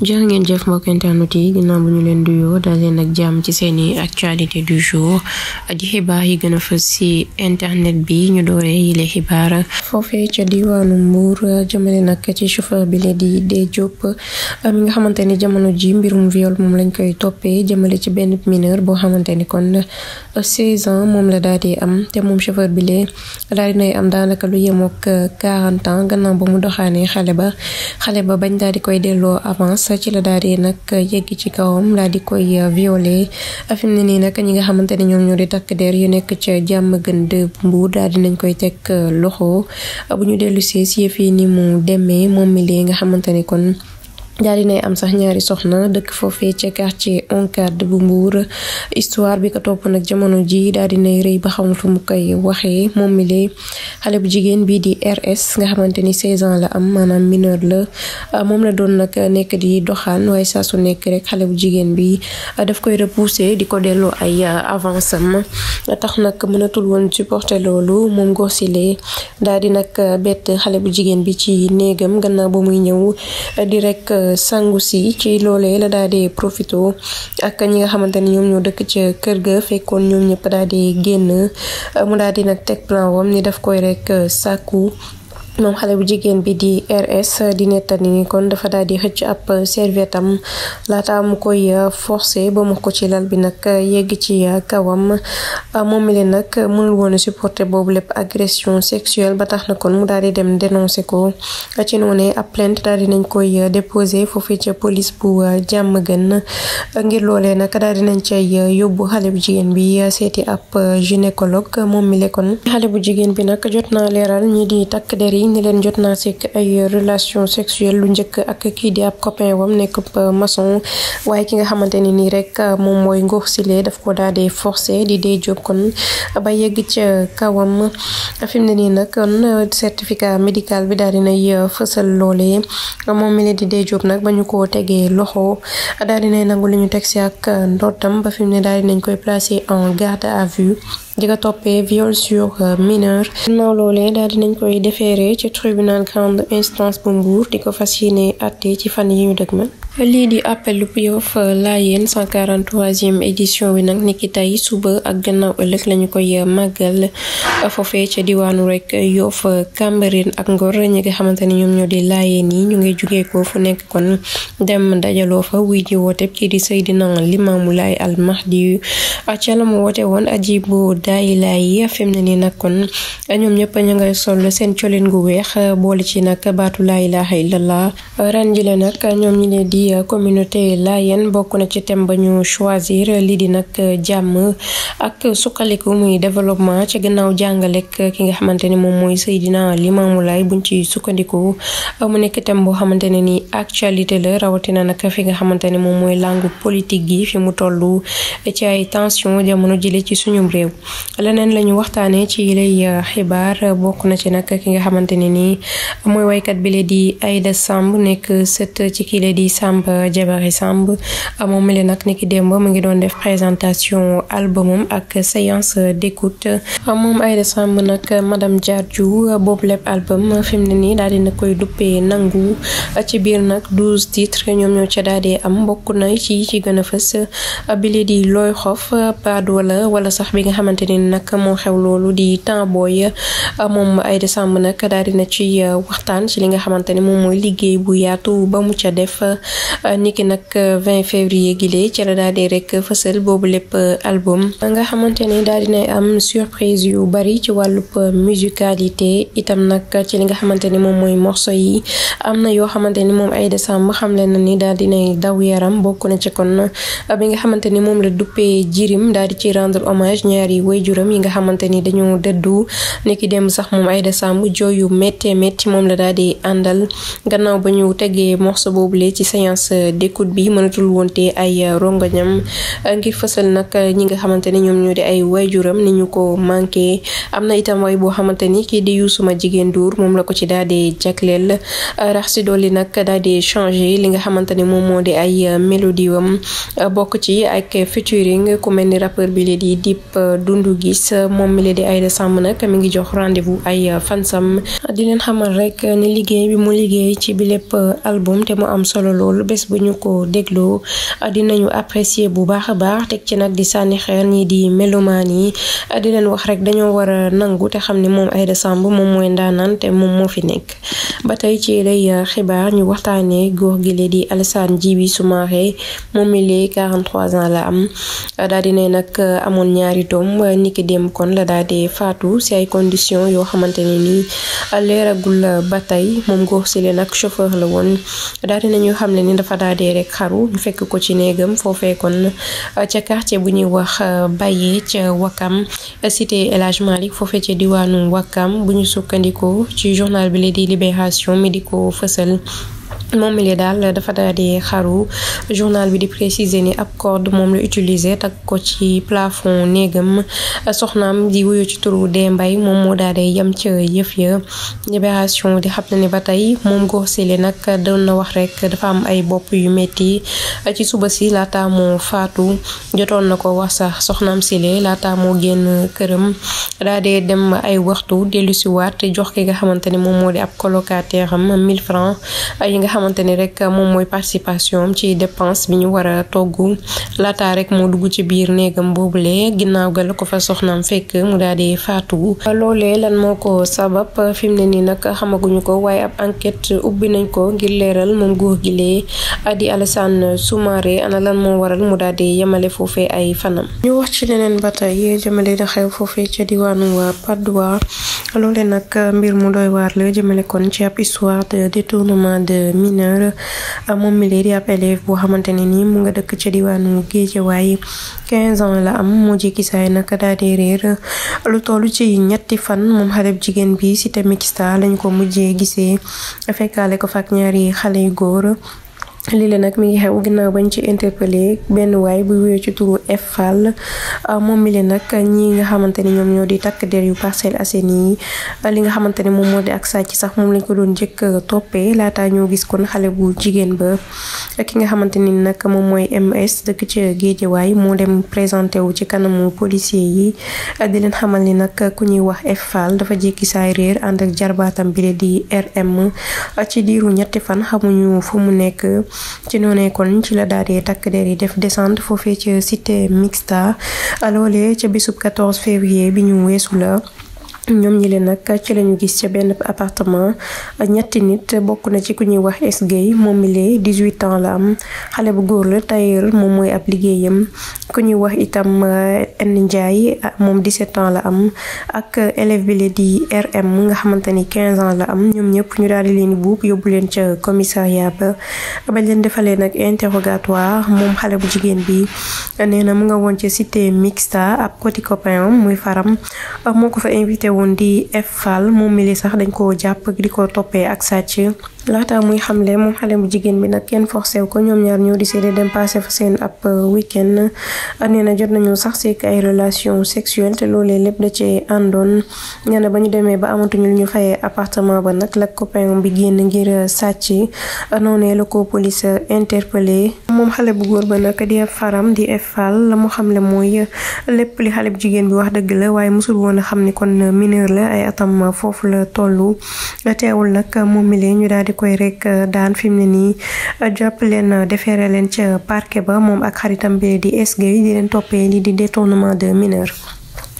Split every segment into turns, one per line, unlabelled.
jërë ngeen jëf mbokk internet yi ginnaaw bu ñu leen duyoo daal leen nag jàmm ci seeni actualité du jour di xibaar yi gën a fës ci internet bi ñu dooree yile xibaar foofee ca diwaanu Mbuur jëmale nag ci chauffeur bi la di Dee Diop am nga xamante ni jamono ji mbirum viol moom lañ koy toppee jëmale ci benn mineur boo xamante ni kon 16 ans moom la daal di am te moom chauffeur bi lee daal dinay am daanaka lu yemook 40 ans gannaaw ba mu doxaanee xale ba xale ba bañ daal di koy delloo avance ci la daal di nag yegg ci kawam laa di koy euh, violé fi mu ne nii nag ñi nga xamante ne ñoom ñoo di takk der yu nekk ca jàmm gën de mbu daal di nañ koy teg euh, loxo bu ñu dellu see si yëf ni mu demee moom mi lee nga xamante ne kon. daal dinay am sax ñaari soxna dëkk foofee ca quartier Oncade bu Mbour histoire bi ko topp nag jamono ji daal dinay rëy ba xamul fu mu koy waxee moom mi lee xale bu jigéen bii di RS nga xamante ni 16 la am maanaam mineur la moom la doon nag nekk di doxaan waaye saa su nekk rek xale bu jigéen bi daf koy repousser di ko delloo ay avance am tax nag mënatul woon supporter loolu moom góor si lee daal di nag bett xale bu jigéen bi ci néegam gannaaw ba muy ñëw di rek. sangu si ci loolee la daal di profité ak ñi nga xamante ni ñoom ñoo dëkk ca kër ga fekkoon ñoom ñëpp daal di génn mu daal di nag teg plan wam ni daf koy rek euh, sàkku moom xale bu jigéen bi di RS di nettali kon dafa daal di xëcc ab serviette am laata mu koy euh, forcé ba mu ko ci lal bi nag euh, yegg ci euh, kawam moom mi leen nag mënul woon supporter boobu lépp agression sexuelle ba tax na kon mu daal di dem dénoncé ko ci noonee ab plainte daal di nañ koy déposé foofee ca police bu jàmm gën ngir loolee nag daal di nañ cay yóbbu xale bu jigéen bi seeti ab gynécologue moom mi leen kon xale bu jigéen bi nag jot naa leeral ñi di ne leen jot naa sekk ay relation sexuelle lu njëkk ak kii di ab copain wam nekk maçon waaye ki nga xamante ne nii rek moom mooy Ngor Sile daf ko daal dee forcé di dee jóg kon ba yëg ca kawam fi mu ne nii nag kon certificat médical bi daal di nay fësal loolee moom mi ne di dee jóg nag ba ñu ko tegee loxo daal di nay nangu li ñu teg si ak ndoddam ba fi mu ne daal di nañ koy placé en garde à vue. di ko toppee viol sur euh, mineur gannaaw loolee daal dinañ koy déféré ci tribunal grande instance bu Mbour di ko fas yéene àtte ci fan yi ñu dëg lii di appelu Yoff euh, Layeen 143e édition bi nag niki tey suba ak gannaaw ëllëg lañu koy euh, màggal foofee ca diwaanu rek Yoff Cambérène ak Ngor ñi nga xamante ni ñoom ñoo di Layeen yi ñu ngi jugee ko fu nekk kon dem dajaloo fa wuy ji woote kii di Seydina Limaamu Laay al Mahdi ca la mu woote woon daayilay yi fi mu ne nii nag kon ñoom ñëpp ñu ngay sol seen colin gu weex boole ci nag baatu laa ilaaha illallah ren ji nag ñoom ñi ne di communauté laayeen bokk na ci thème ba ñu choisir lii di nag jàmm ak suqaliku muy développement ci gannaaw jàngalek ki nga xamante ne moom mooy Seydina Limaamu Laay buñ ci sukkandiku mu nekk thème boo xamante ne nii actualité la rawatina nag fi nga xamante ne moom mooy langue politique gi fi mu tollu ci ay tension jamono jële ci suñu réew leneen la ñu waxtaanee ci lay euh, xibaar bokk na ci nag ki nga xamante ne nii mooy waykat bi la di Aïda Samb nekk sët ci kii la di Samb euh, Jabari sàmb euh, moom mi nag ni ki démb mu ngi doon def présentation albumum ak séance d'écoute moom Aïda Samb nag madame Diardiou boobu lépp album fi mu ne nii daal dina koy duppee nangu ci biir nag douze titres ñoom ñoo daal di am bokk na ci ci gën a fës bi di looy xof paad wala wala sax bi nga xamante xamante ni nag moo xew loolu di temps booy moom Aida Samb nag daal dina ci euh, waxtaan ci li nga xamante ni moom mooy liggéey bu yaatu ba mu ca def euh, niki nag 20 euh, février gile ci la daal di rek fësal boobu lépp album nga xamante ni daal dinay am surprise yu bari ci wàllub musicalité itam nag ci li nga xamante ni moom mooy morceau yi am na yoo xamante ni moom Aida Samb xamle na ni daal dinay daw yaram bokk na ci kon bi nga xamante moom la duppee jirim daal di ci rendre hommage ñaari waajuram yi nga xamante ni dañoo dëddu niki dem sax moom Aida Samb jooy yu méttee métti moom la daal di àndal gannaaw ba ñu tegee morceau boobule ci séance d'écoute bi mënatul wonte ay rongañam ngir fësal nag ñi nga xamante ni ñoom ñoo di ay waajuram ni ñu ko manqué am na itam way boo xamante ni kii di Youssouma Jigéen Dour moom la ko ci daal di jagleel rax si dolli nag daal di changé li nga xamante ni moom moo di ay mélodie wam bokk ci ak featuring ku mel ni rappeur bi li di Dip Koundou Guiss moom mi la di Aida Samb nag mi ngi jox rendez-vous ay euh, fansam di leen xamal rek ni liggéey bi mu liggéey ci bi lépp euh, album te mu am solo loolu bés bu ñu ko dégloo dinañu apprécier bu baax a baax teg ci nag di sànni xeer ñi di mélomaan yi di leen wax rek dañoo war a nangu te xam ne moom Aida Samb moom mooy ndaanaan te moom moo fi nekk ba tey ci lay euh, xibaar ñu waxtaanee góor gi la di Alassane Djibi Soumaré moom mi lee 43 ans la am daal di ne niki dem kon la daal faatu si ay conditions yoo xamante ne nii leeragul ba tey moom góor si leen ak chauffeur la woon daal di nañu xam ne ni dafa daade rek xaru ñu fekk ko ci néegam foofee kon euh, ca quartier bu ñuy wax euh, Baye ca Wakam cité El Hadj Malick foofee diwaanu Wakam bu ñu sukkandikoo ci journal bi la di Libération mi di ko fësal. moom mi li daal dafa daa di xaru journal bi di préciser ni ab corde moom la utiliser takk ko ci plafon néegam soxnaam di wuyu ci turu dee mbay moom moo daal di yem ca yëf ya libération di xam na ni ba tey moom góor sile nag doon na wax rek dafa am ay bopp yu metti ci suba si laata moo faatu jotoon na ko wax sax soxnaam sile laata moo génn këram daa dee dem ay waxtu dellusiwaat jox ki nga xamante ni moom moo di ab colocataire am 1000 francs xamante ni rek moom mooy participation am ci dépense bi ñu war a togg laataa rek moo dugg ci biir néegam boobule ginnaaw ga la ko fa soxnaam fekk mu daal di faatu. loolee lan moo ko sabab fi mu ne nii nag xamaguñu ko waaye ab enquête ubbi nañ ko ngir leeral moom góor gi lee di Alassane Soumaré ana lan moo waral mu daal di yemale foofee ay fanam. ñu wax ci leneen ba jëmale da xew foofee ca diwaanu waa Padoa loolee nag mbir mu doy waar la jëmale kon ci ab histoire de détournement mineur moom mi lee ab élève boo xamante ne nii mu nga dëkk ca diwaanu waaye 15 ans la am moo jékki saay nag daal di réer lu toll ci ñetti fan moom xale bu jigéen bi Cité Mixta lañ ko mujjee gisee fekkaale ko fa ak ñaari xale yu góor. lii la nag mi ngi xew ginnaaw bañ ci interpellé benn waay bu wéyoo ci turu F ah, moom mi leen nag ñi nga xamante ni ñoom ñoo di takk der yu Parcelles Assainies yi li nga xamante ne moom moo di ak sàcc sax moom lañ ko doon jëkk toppee laataa ñoo gis kon xale bu jigéen ba ki nga xamante ni nag moom mooy MS dëkk ci Géejawaay moo dem présenté wu ci kanamu policier yi di leen xamal ni nag ku ñuy wax F dafa jékki saay réer ànd ak jarbaatam bi di RM ci diiru ñetti fan xamuñu fu mu nekk ci noonee kon ci la daal takk der yi def descente foofee ca cité mixta loolee ca bisub 14 février bi ñu weesu la ñoom ñi leen nag ci lañu gis ca benn appartement ñetti nit bokk na ci ku ñuy wax S moom mi lee 18 ans la am xale bu góor la tailleur moom mooy ab liggéeyam ku ñuy wax itam euh, N Ndiaye moom 17 ans la am ak élève di RM nga xamante ni 15 ans la am ñoom ñëpp ñu daal di leen buub yóbbu leen ca commissariat ba bañ leen defalee nag interrogatoire moom xale bu jigéen bi nee na mu nga woon ca cité mixta ab côté copain muy faram moo ko fa invité woon di F moom mi li sax dañ ko jàpp di ko toppee ak sàcc laata muy xamle moom xale bu jigéen bi nag kenn forcé wu ko ñoom ñaar ñoo décidé dem passé euh, na jot nañu sax seek ay relation sexuelle te loolee lépp da cee àndoon nee na ba ñu demee ba amatuñu ñu fayee appartement ba nag la copain bi génn ngir euh, sàcc noonee la ko police euh, interpellé moom xale bu góor ba nag di faram di effal la mu xamle mooy lépp li xale bu jigéen bi wax dëgg la waaye mosul woon a xam ni kon mineur la ay atam foofu la tollu teewul nag moom mi ñu daal di koy rek euh, daan fi mu ne nii euh, jàpp leen euh, defeere leen ca parquet ba moom ak xaritam bi di SG di leen toppee li di détournement de mineur.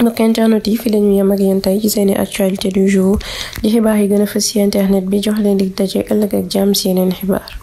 mbokk internet yi fi la ñu yem ak yéen tey ci seeni actualité du jour di xibaar yi gën a fës ci internet bi jox leen di daje ëllëg ak jàmm si yeneen xibaar.